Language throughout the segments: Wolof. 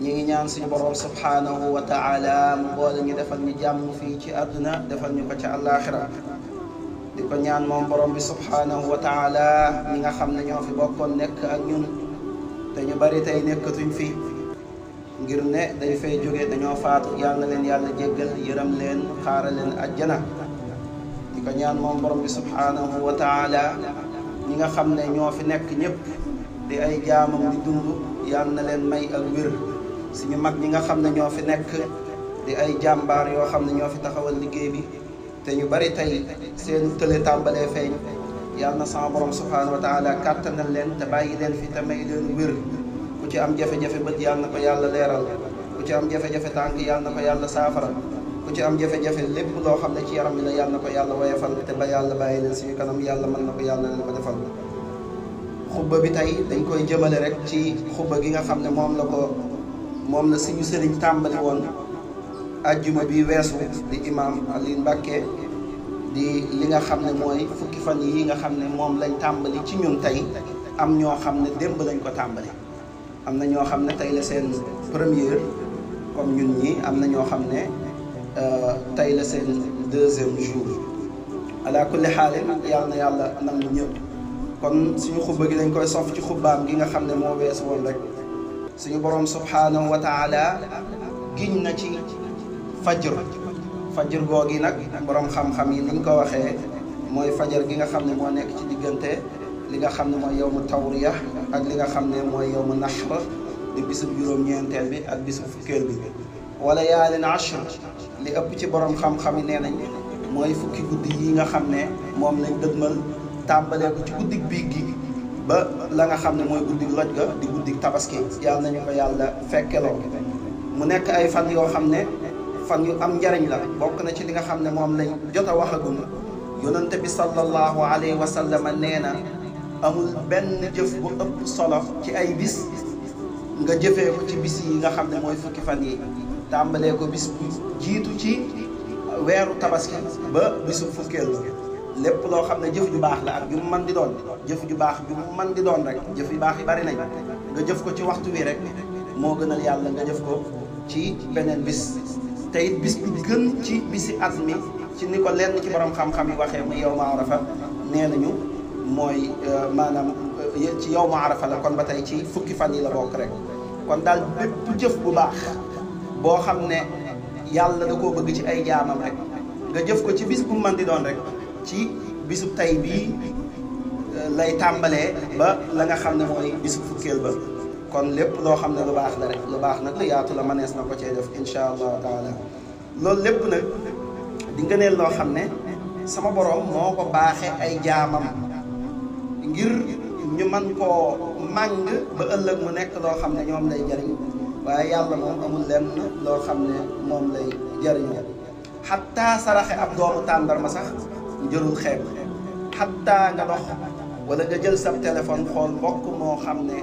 ñi ngi ñaan suñu borom subhanahu wa taala mu boole ñu defal ñu jàmm fii ci àdduna defal ñu ko ci àllaaxira di ko ñaan moom borom bi subhanahu wa taala ñi nga xam ne ñoo fi bokkoon nekk ak ñun te ñu bari tey nekkatuñ fi ngir ne dañ fay jóge dañoo faatu yàlla leen yàlla jéggal yërëm leen xaara leen ajjana di ko ñaan moom borom bi subhanahu wa taala ñi nga xam ne ñoo fi nekk ñëpp di ay jaamam di dund yàlla na leen may ak wér suñu mag ñi nga xam ne ñoo fi nekk di ay jàmbaar yoo xam ne ñoo fi taxawal liggéey bi te ñu bari tey seen tële tàmbalee feeñ yàlla na sama borom subhaanahu wa taala kàttanal leen te bàyyi leen fi te may leen wér ku ci am jafe-jafe bët yàlla na ko yàlla leeral ku ci am jafe-jafe tànk yàlla na ko yàlla saafara ku ci am jafe-jafe lépp loo xam ne ci yaram bi la yàlla na ko yàlla woyefal te ba yàlla bàyyi leen suñu kanam yàlla mën na ko yàlla leen ko xubba bi tay dañ koy jëmale rek ci xubba gi nga xam ne moom la ko moom la suñu sëriñ tàmbali woon ajjuma bi weesu di imam Alioune Mbacké di li nga xam ne mooy fukki fan yi nga xam ne moom lañ tàmbali ci ñun tey am ñoo xam ne démb lañ ko tàmbali am na ñoo xam ne tey la seen première comme ñun ñi am na ñoo xam ne tey la seen deuxième jour ala kulli xaalin yàlla na yàlla nangu ñëpp kon suñu xubba gi dañ koy sof ci xubbaam gi nga xam ne moo wees woon rek suñu borom subhaanahu wa taala giñ na ci fajr fajr googi nag boroom xam-xam yi niñ ko waxee mooy fajar gi nga xam ne moo nekk ci diggante li nga xam mooy yow mu tawriya ak li nga xam ne mooy yow mu nashr di bisub juróom-ñeenteel bi ak bisub fukkeel bi wala yaalin ashr li ëpp ci boroom xam-xam yi nee nañ mooy fukki guddi yi nga xam ne moom nañ lañ dëgmal tàmbalee ko ci guddik biig gi ba la nga xam ne mooy guddik loj ga di guddik tabaski yàlla nañu ko yàlla fekkeloo mu nekk ay fan yoo xam ne fan yu am njariñ la bokk na ci li nga xam ne moom lañ jot a wax waxagum yonente bi sallallahu alayhi wa sallam nee na amul benn jëf bu ëpp solo ci ay bis nga jëfee ko ci bis yi nga xam ne mooy fukki fan yi tàmbalee ko bis bu jiitu ci weeru tabaski ba bisu fukkeel lépp loo xam ne jëf ju baax la ak ju mu mën di doon jëf ju baax ju mu mën di doon rek jëf yu baax yi bari nañ nga jëf ko ci waxtu wi rek moo gënal yàlla nga jëf ko ci beneen bis te bis bi gën ci bisi at ci ni ko lenn ci borom xam-xam yi waxee mu yow ma arafa nee nañu mooy euh, maanaam euh, ci yow ma arafa la ba tey ci fukki fan yi la bokk rek kon daal jëf bu baax boo xam ne yàlla da koo bëgg ci ay jaamam rek nga jëf ko ci bis bu mu mën di doon rek ci bisub tay bii euh, lay tàmbalee ba la nga xam ne mooy bisub fukkeel ba kon lépp loo xam ne lu baax la rek lu baax nag lu yaatu la mënees na ko cee def insha allahu taala loolu lépp nag di nga loo xam ne sama boroom moo ko baaxe ay jaamam ngir ñu man koo màng ba ëllëg mu nekk loo xam ne ñoom lay jariñ waaye yàlla moom amul lenn loo xam ne moom lay jariñ xattaa saraxe ab doomu tàndarma sax jërul xeeb xattaa nga dox wala nga jël sam téléphone xool mbokk moo xam ne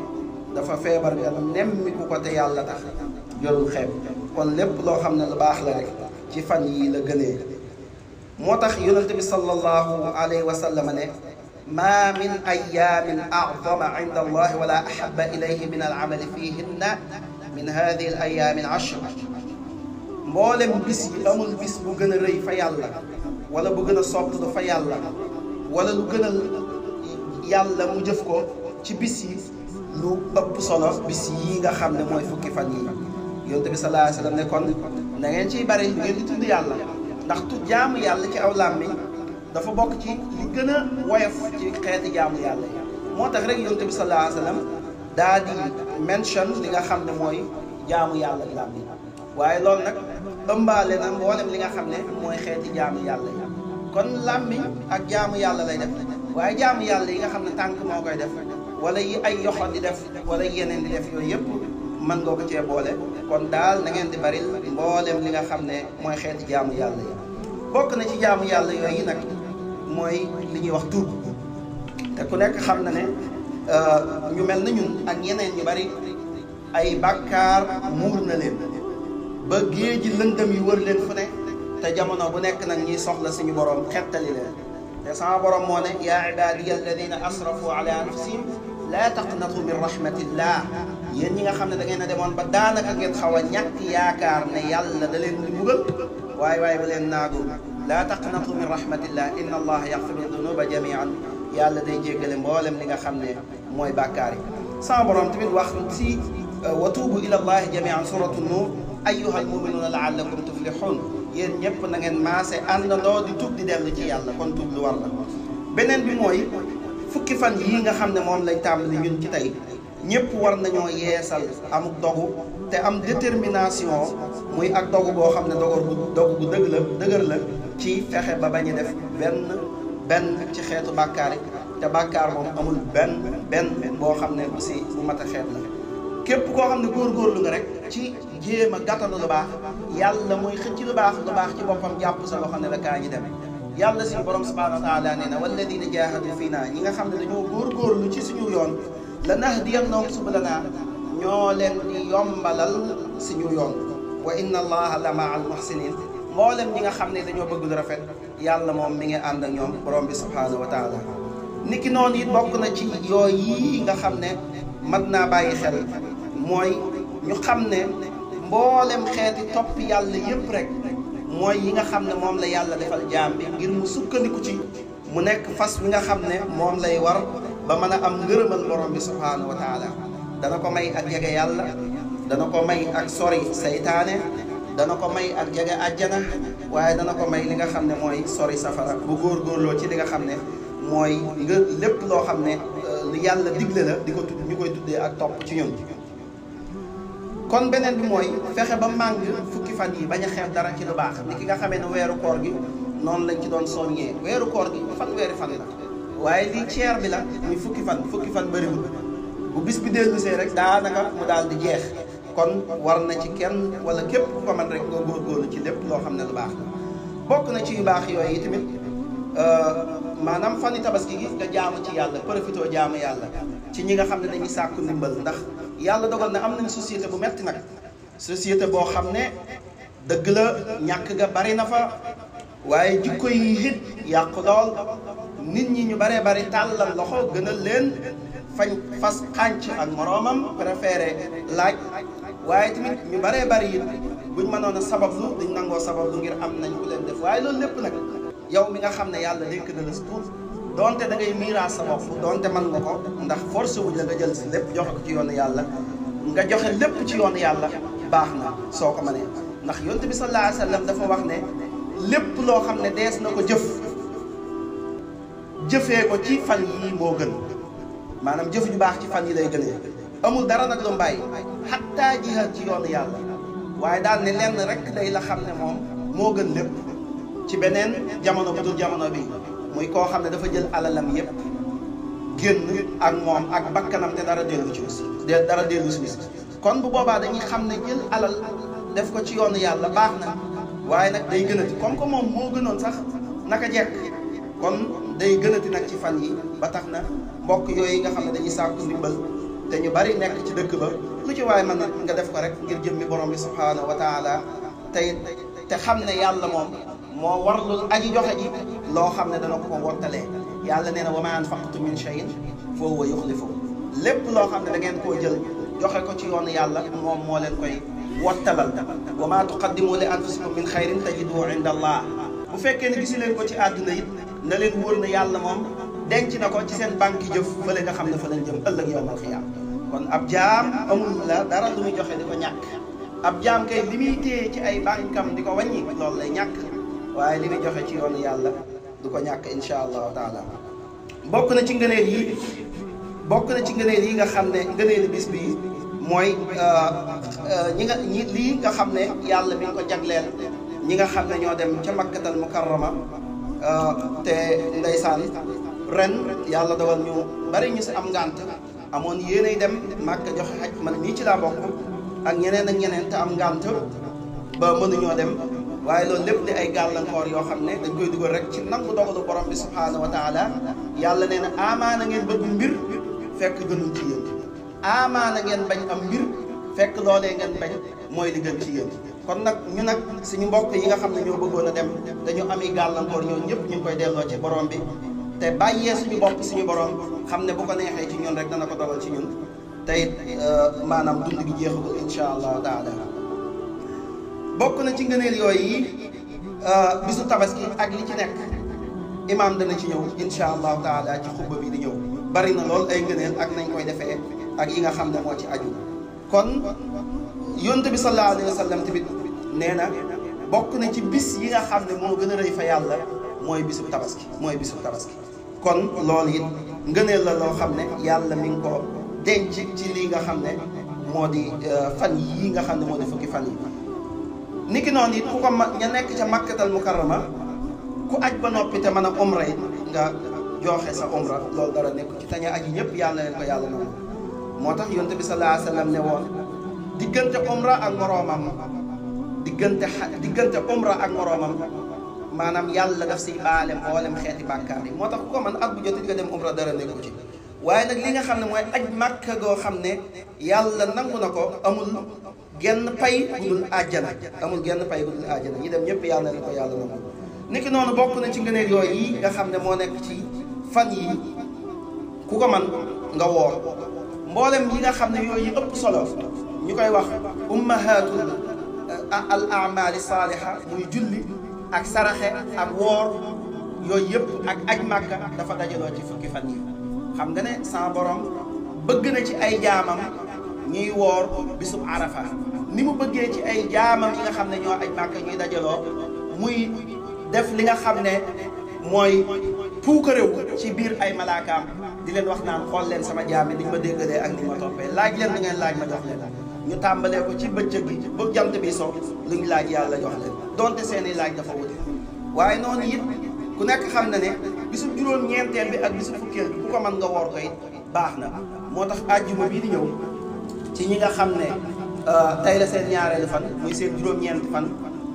dafa feebar nga nemmiku ko te yàlla tax jërul xeeb kon lépp loo xam ne lu baax la rek ci fan yii la gënee moo tax yonente bi sallallahu alayhi wa sallam ne ما من أيام أعظم عند الله ولا أحب إليه من العمل فيهن من هذه الأيام العشر mboolem bis yi amul bis bu gën a rëy fa yàlla wala bu gën a sopp lu fa yàlla wala lu gën a yàlla mu jëf ko ci bis yi lu ëpp solo bis yi nga xam ne mooy fukki fan yi yonent bi sallallahu alayhi wasallam ne kon na ngeen ciy bari ngeen di tudd yàlla ndax tudd jaamu yàlla ci aw làmmiñ dafa bokk ci li gën a woyof ci xeeti jaamu yàlla moo tax rek yonent bi sallallahu alayhi wasallam mention li nga xam ne mooy jaamu yàlla làmmiñ waaye loolu nag ëmbaale na mboolem li nga xam ne mooy xeeti jaamu yàlla yi kon làmmiñ ak jaamu yàlla lay def waaye jaamu yàlla yi nga xam ne tànk moo koy def wala yi ay yoxo di def wala yeneen di def yooyu yëpp mën nga ko cee boole kon daal na ngeen di baril mboolem li nga xam ne mooy xeeti jaamu yàlla yi bokk na ci jaamu yàlla yooyu nag mooy li ñuy wax tuub te ku nekk xam na ne euh, ñu mel na ñun ak yeneen ñu bari ay bàkkaar muur na leen ba géej ji lëndëm yi wër leen fu ne te jamono bu nekk nag ñuy soxla suñu borom xettali leen te sama borom moo ne yaa ibaadiya alladina asrafu ala anfusihim laa taqnatu min rahmatillah yéen ñi nga xam ne da ngeen a demoon ba daanaka ngeen xaw a ñàkk yaakaar ne yàlla da leen di mbugal waaye waaye ba leen naagu laa taqnatu min rahmatillah inna allaha yaxfiru dunuba jamian yàlla day jéggale mboolem li nga xam ne mooy bàkkaar yi sama borom tamit wax si wa ila allahi jamian suratu nuur ayyuhal mu'minuuna la'allakum tuflihun yéen ñëpp na ngeen maase àndandoo di tuub di dellu ci yàlla kon tuub lu war la beneen bi mooy fukki fan yii nga xam ne moom lañ tàmbali ñun ci tey ñëpp war nañoo yeesal amuk dogu te am détermination muy ak dogu boo xam ne dogoor bu dogu bu dëgg la dëgër la ci fexe ba bañ def benn benn ci xeetu bàkkaar yi te bàkkaar moom amul benn benn boo xam ne bu si bu mat a xeet la képp koo xam ne góorgóorlu nga rek ci jéem a gàttalu lu baax yàlla mooy xëcc lu baax lu baax ci boppam jàpp sa loxo ne la kaa ñu dem yàlla suñu borom subhanahu wa taala nee na walladina jaahadu fii naa ñi nga xam ne dañoo góorgóorlu ci suñu yoon la nahdiyannahum subulanaa ñoo leen di yombalal suñu yoon wa inna allaha la maa al muhsinin mboolem ñi nga xam ne dañoo bëgg lu rafet yàlla moom mi ngi ànd ak ñoom borom bi subhanahu wa taala niki noonu it bokk na ci yooyu yi nga xam ne mat naa bàyyi xel mboolem xeeti topp yàlla yépp rek mooy yi nga xam ne moom la yàlla defal jaam bi ngir mu sukkandiku ci mu nekk fas wi nga xam ne moom lay war ba mën a am ngërëmal borom bi subhaanahu wa taala dana ko may ak jege yàlla dana ko may ak sori saytaane dana ko may ak jege àjjana waaye dana ko may li nga xam ne mooy sori safara bu góorloo ci li nga xam ne mooy nga lépp loo xam ne euh, lu yàlla digle la di ko tudd ñu koy tuddee ak topp ci ñun kon beneen bi mooy fexe ba màng fukki fan yi bañ a xeeb dara ci lu baax ni ki nga xamee ne weeru koor gi noonu lañ ci doon soññee weeru koor gi fan weeri fan la waaye lii ceer bi la muy fukki fan fukki fan bëriwul bu bis bi dellusee rek daanaka mu daal di jeex kon war na ci kenn wala képp ku ko mën rek nga góorgóorlu ci lépp loo xam ne lu baax la bokk na ci yu baax yooyu tamit euh, maanaam fani tabaski gi nga jaamu ci yàlla profitoo jaamu yàlla ci ñi nga xam ne dañuy sàkku ndimbal ndax yàlla dogal na am nañ société bu metti nag société boo xam ne dëgg la ñàkk ga bari na fa waaye jikko yi it yàqu lool nit ñi ñu baree bari tàllal loxo gënal leen fañ fas xànc ak moroomam préféré laaj waaye tamit ñu baree bari it buñ mënoon a sabablu dañ nangoo sabablu ngir am nañ ku leen def waaye loolu lépp nag yow mi nga xam ne yàlla dénk na la suuf donte da ngay miiraas sa bopp donte mën nga ko ndax force wuñ la nga jël si lépp joxe ko ci yoonu yàlla nga joxe lépp ci yoonu yàlla baax na soo ko mënee ndax yonent bi sa alayhi wa sallam dafa wax ne lépp loo xam ne dees na ko jëf jëfe ko ci fan yi moo gën maanaam jëf ju baax ci fan yi lay gënee amul dara nag lu mbàyyi xattaa jihaad ci yoonu yàlla waaye daal ne lenn rek day la xam ne moom moo gën lépp ci beneen jamono bu dul jamono bi muy ko xamne dafa jël alalam yépp génn ak mom ak bakkanam te dara delu ci aussi dara delu si kon bu boba dañuy xamne jël alal def ko ci yoonu yàlla baxna waye nak day gënati comme ko mom mo gënon sax naka jekk kon day gënati nak ci fan yi ba taxna na mbokk yooyu nga xamne ne dañuy sàkku ndimbal te ñu bari nekk ci dëkk ba ku ci waaye man nga def ko rek ngir jëmmi borom bi subhanahu wa taala tey te xamne ne yàlla moom moo warlul aji joxe ji loo xam ne dana ko ko wottalee yàlla nee na wa ma anfaqtum min shay'in fa huwa yukhlifu lépp loo xam ne da ngeen koo jël joxe ko ci yoon yàlla moom moo leen koy wattalal wa ma tuqaddimu li anfusikum min xayrin tajiduhu inda allah bu fekkee ne gisu leen ko ci àdduna it na leen wóor na yàlla moom denc na ko ci seen banque yi jëf fële nga xam ne fa lañ jëm ëllëg yowmal xiyaam kon ab jaam amul la dara lu muy joxe di ko ñàkk ab jaam kay li muy téye ci ay bànkam di ko wàññi loolu lay ñàkk waaye li muy joxe ci yoonu yàlla du ko ñàkk insha allahu taala bokk na ci ngëneel yi bokk na ci ngëneel yi nga xam ne ngëneeli bis bi mooy euh, euh, ñi nga ñi lii nga xam ne yàlla mi ngi ko jagleel ñi nga xam ne ñoo dem ca makkatal mukarrama euh, te ndeysaan ren yàlla dogal ñu bari ñu si am ngànt amoon yéenay dem màkka joxe xaj man mii ci laa bokk ak ñeneen ak ñeneen te am ngànt ba mënuñoo dem waaye loolu lépp di ay gàllankoor yoo xam ne dañ koy dugal rek ci nangu dogalu borom bi subhaanahu wa taala yàlla nee na amaana ngeen bëgg mbir fekk gënul ci yéen amaana ngeen bañ am mbir fekk loolee ngeen baj mooy li gën ci yéen kon nag ñu nag suñu mbokk yi nga xam ne ñoo bëggoon a dem dañu ami gàllankoor ñoo ñëpp ñu ngi koy delloo ci borom bi te bàyyee suñu bopp suñu borom xam ne bu ko neexee ci ñun rek dana ko dogal ci ñun te it euh, maanaam dund gi jeexagul incha allahu taala bokk na ci ngëneel yooyu yi euh, bisu tabaski ak li ci nekk imaam dana ci ñëw insha allahu taala ci xubba bi di ñëw bari na lool ay ngëneel ak nañ koy defee ak yi nga xam ne moo ci aju kon yonent bi sallallahu alayhi wa sallam tamit nee na bokk na ci bis yi nga xam ne moo gën a rëy fa yàlla mooy bisu tabaski mooy bisu tabaski kon loolu it ngëneel la loo xam ne yàlla mi ngi ko denc ci lii nga xam ne moo di euh, fan yii nga xam ne moo di fukki fan yi niki noonu it ku ko ma nga nekk ca makkatal mukarrama ku aj ba noppi te mën a umra it nga joxe sa umra lool dara nekk ci tañu aji ñëpp yàlla leen ko yàlla nangu moo tax yonte bi sallallahu alayhi wasallam ne woon diggante umra ak moroomam diggante xa diggante umra ak moroomam maanaam yàlla daf siy baale mboolem xeeti bàkkaar yi moo tax ku ko man at bu jot it nga dem umra dara nekku ci waaye nag li nga xam ne mooy aj màkk goo xam ne yàlla nangu na ko amul genn pay bu dul àjjana amul genn pay bu dul àjjana ñi dem ñëpp yàlla na ko yàlla na ko niki noonu bokk na ci ngëneel yooyu yi nga xam ne moo nekk ci fan yi ku ko man nga woor mboolem yi nga xam ne yooy yooyu ëpp solo ñi koy wax ummahatul eh, al amali saaliha muy julli ak saraxe ak woor yooyu yëpp ak aj màkka dafa dajaloo ci fukki fan yi xam nga ne sa borom bëgg na ci ay jaamam ñuy woor bisub arafa ni mu bëggee ci ay jaamam yi nga xam ne ñoo aj màkka ñuy dajaloo muy def li nga xam ne mooy puukarewu ci biir ay malaakaam di leen wax naan xool leen sama jaam yi ni ñu ma déggalee ak ni ma toppee laaj leen li ngeen laaj ma def leen ñu tàmbalee ko ci bëccëg bi ba jant bi so lu ñu laaj yàlla jox leen donte seeni laaj dafa wute waaye noonu it ku nekk xam ne ne gisu juróom-ñeenteel bi ak bisu fukkeel bi bu ko man nga woor ko baax na moo tax àjjuma bii di ñëw Euh, tey la seen ñaareelu fan muy seen juróom-ñeent fan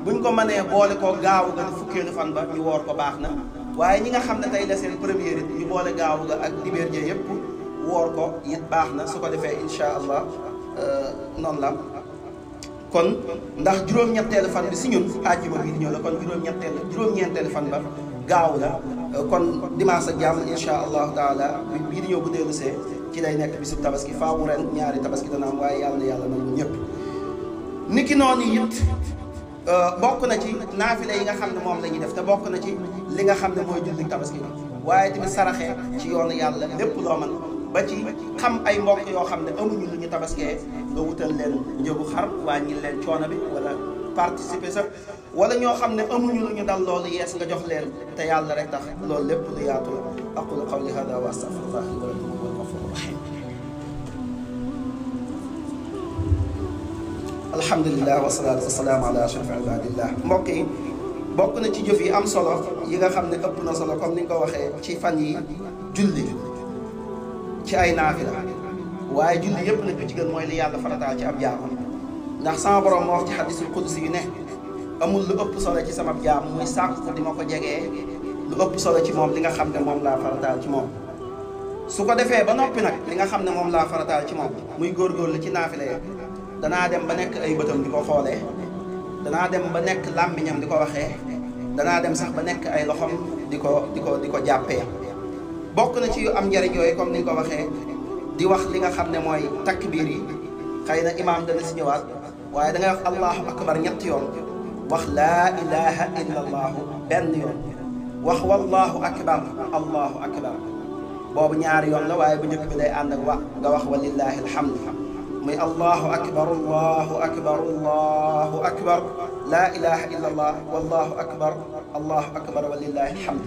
buñ ko mënee boole ko gaawu ga fukkeelu fan ba ñu woor ko baax na waaye ñi nga xam ne tey la seen première it ñu boole gaawu ga ak dibeer ja yëpp woor ko it baax na su ko defee incha allah euh, noonu la kon ndax juróom-ñetteelu fan bi si ñun àjjuma bi di ñëw la kon juróom-ñetteelu juróom-ñeenteelu fan ba gaaw la kon dimanche ak jàmm incha allah taala bii di ñëw bu dellusee ci day nekk si tabaski faawu ren ñaari tabaski dana am waaye yàlla na yàlla nangu ñëpp niki noonu it euh, bokk na ci naafile yi nga xam ne moom la def te bokk na ci li nga xam ne mooy julli tabaski waaye tamit saraxee ci yoonu yàlla lépp loo man ba ci xam ay mbokk yoo xam ne amuñu lu ñu tabaskee nga wutal leen njëgu xar wàññil leen coono bi wala participer sax wala ñoo xam ne amuñu lu ñu dal loolu yees nga jox leen te yàlla rek tax loolu lépp lu yaatu la aqulu الحمد لله والصلاة والسلام على أشرف عباد الله موكي بوكنا تي جوفي أم صلاة يغا خامنا أبنا صلاة كم نينكا وخي تي فاني جلد تي أي نافلة واي جلد يبنا كي تيغن موي لي يالا فرطا تي أب جامو ناخ سان بروم موخ تي حديث القدس يني أمول لو أب صلاة تي سام أب جامو موي ساكو ديما كو جيغي لو صلاة تي موم ليغا خامنا موم لا فرطا تي موم su ko defee ba noppi nag li nga xam ne moom laa faratal ci moom muy danaa dem ba nekk ay bëtam di ko xoolee danaa dem ba nekk làmmiñam di ko waxee danaa dem sax ba nekk ay loxom di ko di ko di ko jàppee bokk na ci yu am njariñ yooyu comme ni nga ko waxee di wax li nga xam ne mooy takbiir yi xëy na imaam dana si ñëwaat waaye da ngay wax allahu akbar ñetti yoon wax laa ilaha illa allahu benn yoon wax wallahu akbar allahu akbar boobu ñaari yoon la waaye bu njëkk bi day ànd ak wa nga wax walillahi alhamdu مي الله أكبر الله أكبر الله أكبر لا إله إلا الله والله أكبر الله أكبر ولله الحمد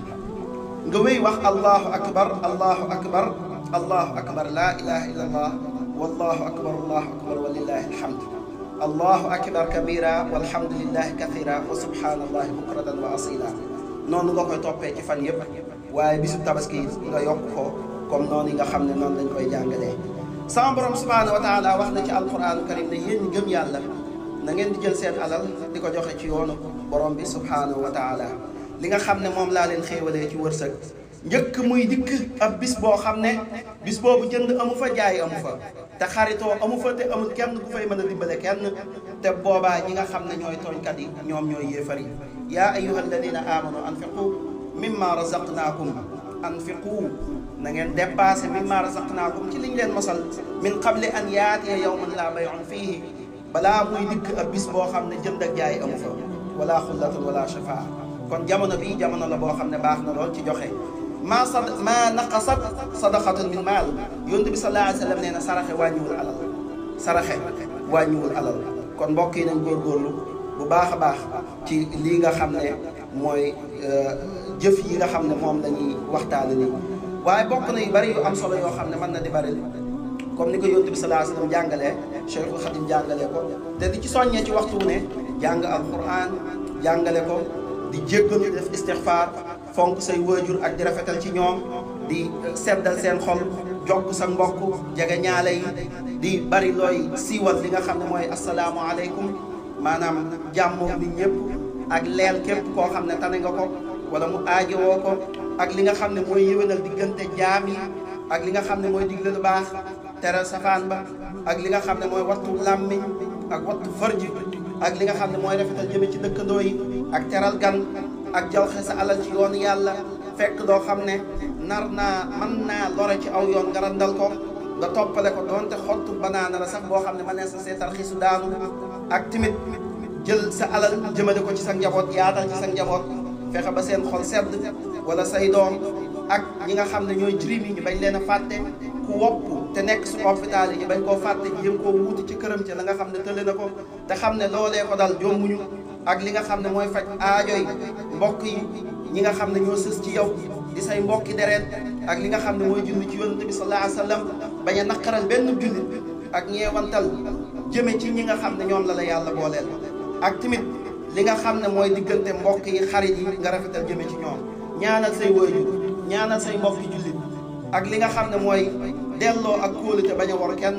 قوي وقت الله أكبر الله أكبر الله أكبر لا إله إلا الله والله أكبر الله أكبر ولله الحمد الله أكبر كبيرا والحمد لله كثيرا وسبحان الله بكرة وأصيلا نون لوكو توبي كيفان يب واي بيسو تابسكي لا كوم نون نيغا خامني نون لنجكوي جانغالي سامبرم سبحانه وتعالى وحدك القرآن الكريم نين جم يلا نعند جلسات على ديكو جوخي تيون برم بي سبحانه وتعالى لين خامن مام لا لين خي ولا تورسك نجك مي دك أبيس بو خامن بيس بو بجند أمو فجاي أمو ف تخاريتو أمو فت أمو كم من الدبلة كن تبوا با نين خامن تون كدي نيوم نيوي يفري يا أيها الذين آمنوا أنفقوا مما رزقناكم أنفقوا نعند دباس مما رزقناكم تلين لين مسل من قبل أن يأتي يوم لا بيع فيه بلا بويدك أبيس بوخم نجم دجاي أمفا ولا خلة ولا شفاء كون جمعنا بي جمعنا لبوخم نباخنا لول تجوخي ما صد ما نقصت صدقة من مال يوند بس الله عز وجل نحن سرخ وانيول على الله سرخ وانيول على الله كون بوكي نعور غورلو بباخ باخ تي ليغا خم نه موي آه، جفيرا خم نه موم دني وقتالني waaye bokk na yu bari yu am solo yoo xam ne man na di bari comme ni ko yonent bi sallallahu alayhi wasallam jàngalee Cheikhul Khadim jàngalee ko te di ci soññee ci waxtu ne jàng alquran jàngale ko di jéggalu di def istixfaar fonk say waajur ak di rafetal ci ñoom di euh, seddal seen xol jokk sa mbokk jege ñaale yi di bari looy siiwal li nga xam ne mooy asalaamu aleykum maanaam jàmmoo nit ñëpp ak leen képp ko xam ne tane nga ko wala mu woo ko ak li nga xam ne mooy yéwénal diggante jaam yi ak li nga xam ne mooy digle lu baax tere safaan ba ak li nga xam ne mooy wattu làmmiñ ak wattu farj ak li nga xam ne mooy rafetal jëme ci dëkkandoo yi ak teral gan ak jawxe sa alal ci yoonu yàlla fekk doo xam ne nar na man naa lore ci aw yoon nga randal ko nga toppale ko doonte xottu banaana la sax boo xam ne ma nee sa seetar xiisu daanu ak timit jël sa alal jëmale ko ci sa njaboot yaatal ci sa njaboot fexe ba seen xol sedd wala say doom ak ñi nga xam ne ñooy jirim yi ñu bañ leen a fàtte ku wopp te nekk su hôpital yi ñu bañ koo fàtte jéem koo wuuti ci këram ci la nga xam ne tële na ko te xam ne loolee ko dal ñu ak li nga xam ne mooy faj aajoy mbokk yi ñi nga xam ne ñoo sës ci yow di say mbokki deret ak li nga xam ne mooy julli ci yonent bi sallallahu alayhi wasallam bañ a naqaral benn jullit ak ñeewantal jëme ci ñi nga xam ne ñoom la la yàlla booleel ak tamit li nga xam ne mooy diggante mbokk yi xarit yi nga rafetal jëme ci ñoom ñaanal say waajur ñaanal say mbokk jullit ak li nga xam ne mooy delloo ak kóolute bañ a war kenn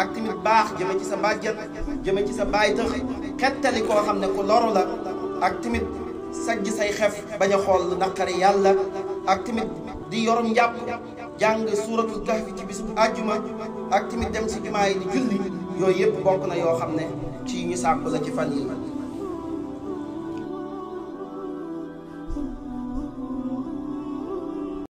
ak tamit baax jëme ci sa mbàjjan jëme ci sa baay tëx xettali koo xam ne ku loru la ak tamit sajj say xef bañ a xool naqari yàlla ak tamit di yorum njàpp jàng suuratul kahfi ci bisub àjjuma ak tamit dem si jumaa yi di julli yooyu yëpp bokk na yoo xam ne ci ñu sàkku la ci fan yi